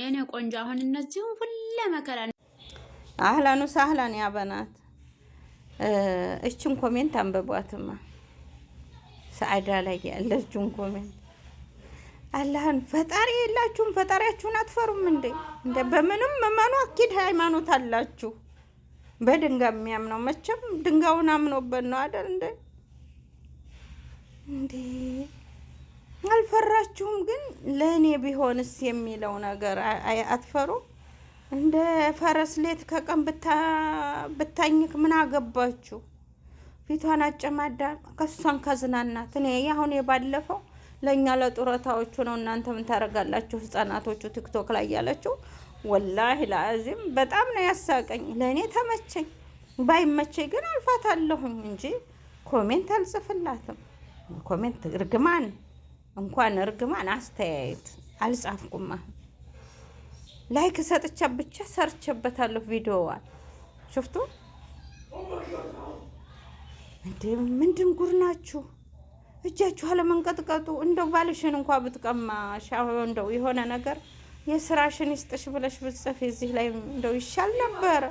የኔ ቆንጆ አሁን እነዚህም ሁሉ መከራ አህላኑ ሳህላን ያበናት እችን ኮሜንት አንብቧትማ ሰዓዳ ላይ ያለችውን ኮሜንት አላህን ፈጣሪ የላችሁም? ፈጣሪያችሁን አትፈሩም እንዴ? እንደ በምንም መመኑ አኪድ ሃይማኖት አላችሁ። በድንጋይ የሚያምነው መቼም ድንጋዩን አምኖበት ነው አይደል እንዴ እንዴ አልፈራችሁም? ግን ለእኔ ቢሆንስ የሚለው ነገር አትፈሩ? እንደ ፈረስ ሌት ከቀን ብታኝክ ምን አገባችሁ? ፊቷን አጨማዳ ከሷን ከዝናናት እኔ አሁን የባለፈው ለእኛ ለጡረታዎቹ ነው። እናንተ ምን ታደርጋላችሁ? ህጻናቶቹ ቲክቶክ ላይ ያለችው ወላሂ ለአዚም በጣም ነው ያሳቀኝ። ለእኔ ተመቸኝ። ባይመቸኝ ግን አልፋታለሁኝ እንጂ ኮሜንት አልጽፍላትም። ኮሜንት እርግማን እንኳን እርግማን አስተያየት አልጻፍኩማ። ላይክ ሰጥቻ ብቻ ሰርቼበታለሁ ቪዲዮዋን ሽፍቱ እንዴ ምንድን ጉር ናችሁ? እጃችሁ አለመንቀጥቀጡ እንደው ባልሽን እንኳ ብትቀማሽ እንደው የሆነ ነገር የስራሽን ይስጥሽ ብለሽ ብጽፍ እዚህ ላይ እንደው ይሻል ነበር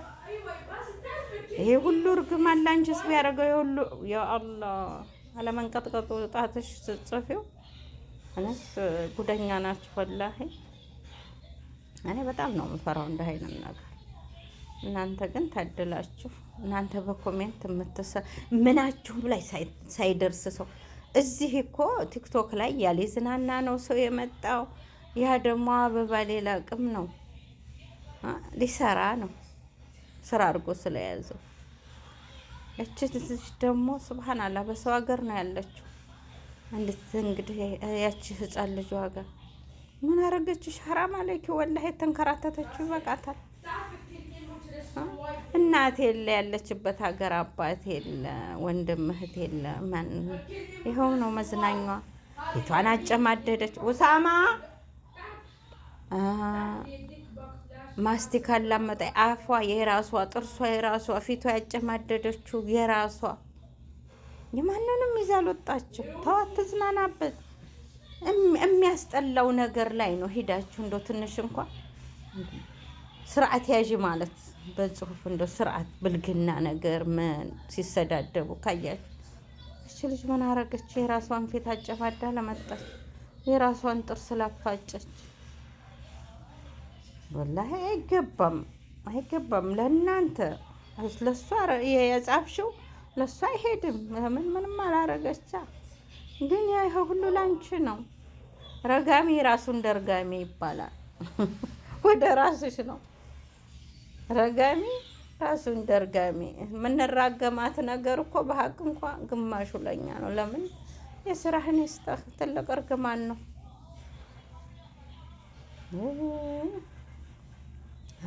ይሄ ሁሉ እርግማን ላንቺስ ቢያደርገው የሁሉ የአላ አለመንቀጥቀጡ ጣትሽ ስትጽፊው እነስ ጉደኛ ናችሁ ወላሂ። እኔ በጣም ነው የምፈራው እንደ አይነት ነገር። እናንተ ግን ታድላችሁ። እናንተ በኮሜንት የምትሰ ምናችሁም ላይ ሳይደርስ ሰው እዚህ እኮ ቲክቶክ ላይ ያለ ዝናና ነው ሰው የመጣው። ያ ደግሞ አበባ ሌላ አቅም ነው ሊሰራ ነው ስራ አድርጎ ስለያዘው። እች ደግሞ ስብሃን አላህ በሰው ሀገር ነው ያለችው። እንዴት እንግዲህ ያቺ ህፃን ልጅ ዋጋ ምን አረገችሽ? ሐራም አለኪ ወላ የተንከራተተችው ይበቃታል። እናት የለ ያለችበት ሀገር አባት የለ ወንድም እህት የለ ማን ይኸው ነው መዝናኛ። ቤቷን አጨማደደች። ውሳማ ማስቲካ ላመጣ አፏ የራሷ ጥርሷ የራሷ ፊቷ ያጨማደደችው የራሷ የማንንም ይዛ አልወጣችሁ። ተዋት፣ አትዝናናበት። የሚያስጠላው ነገር ላይ ነው ሄዳችሁ እንደው ትንሽ እንኳን ስርዓት ያዥ ማለት በጽሁፍ እንደ ስርዓት ብልግና ነገር ምን ሲሰዳደቡ ካያችሁ እች ልጅ ምን አረገች? የራሷን ፊት አጨፋዳ ለመጣች የራሷን ጥርስ ላፋጨች። ወላሂ አይገባም፣ አይገባም ለእናንተ ለሷ የጻፍሽው ለሱ አይሄድም። ምን ምንም አላረገቻ። ግን ያ ይሄ ሁሉ ላንቺ ነው። ረጋሚ ራሱን ደርጋሚ ይባላል። ወደ ራስሽ ነው። ረጋሚ ራሱ ደርጋሚ። የምንራገማት ነገር እኮ በሀቅ እንኳ ግማሹ ለኛ ነው። ለምን የስራህን ይስጠህ። ትልቅ እርግማን ነው።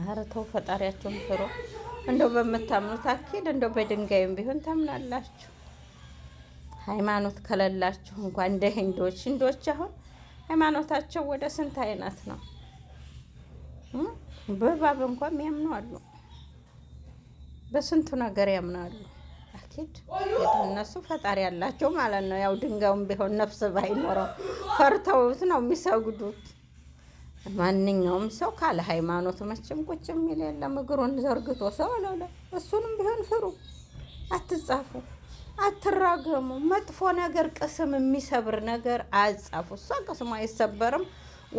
አርተው ተው ፈጣሪያቸውን ፍሩ። እንደው በምታምኑት አካሄድ እንደው በድንጋይም ቢሆን ታምናላችሁ። ሃይማኖት ከሌላችሁ እንኳን እንደ ህንዶች ሂንዶች አሁን ሃይማኖታቸው ወደ ስንት አይነት ነው። በባብ እንኳን ያምኑ አሉ። በስንቱ ነገር ያምናሉ። አኪድ እነሱ ፈጣሪ ያላቸው ማለት ነው። ያው ድንጋዩም ቢሆን ነፍስ ባይኖረው ፈርተውት ነው የሚሰግዱት። ማንኛውም ሰው ካለ ሃይማኖት መቼም ቁጭ የሚል የለም። እግሩን ዘርግቶ ሰው ለለ እሱንም ቢሆን ፍሩ፣ አትጻፉ፣ አትራገሙ። መጥፎ ነገር ቅስም የሚሰብር ነገር አጻፉ። እሷ ቅስሙ አይሰበርም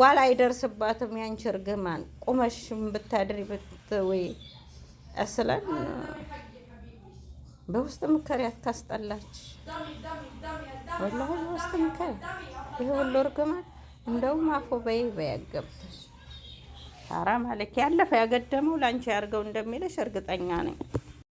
ዋላ አይደርስባትም። ያንቺ እርግማን ቁመሽም ብታድሪ ብትወይ እስለን በውስጥ ምከሪያት ካስጠላች ወላሂ በውስጥ ምከሪያት ይሄ ሁሉ እርግማን እንደውም አፎ በይ በያገብተሽ ታራ ማለክ ያለፈ ያገደመው ላንቺ ያርገው እንደሚለሽ እርግጠኛ ነኝ።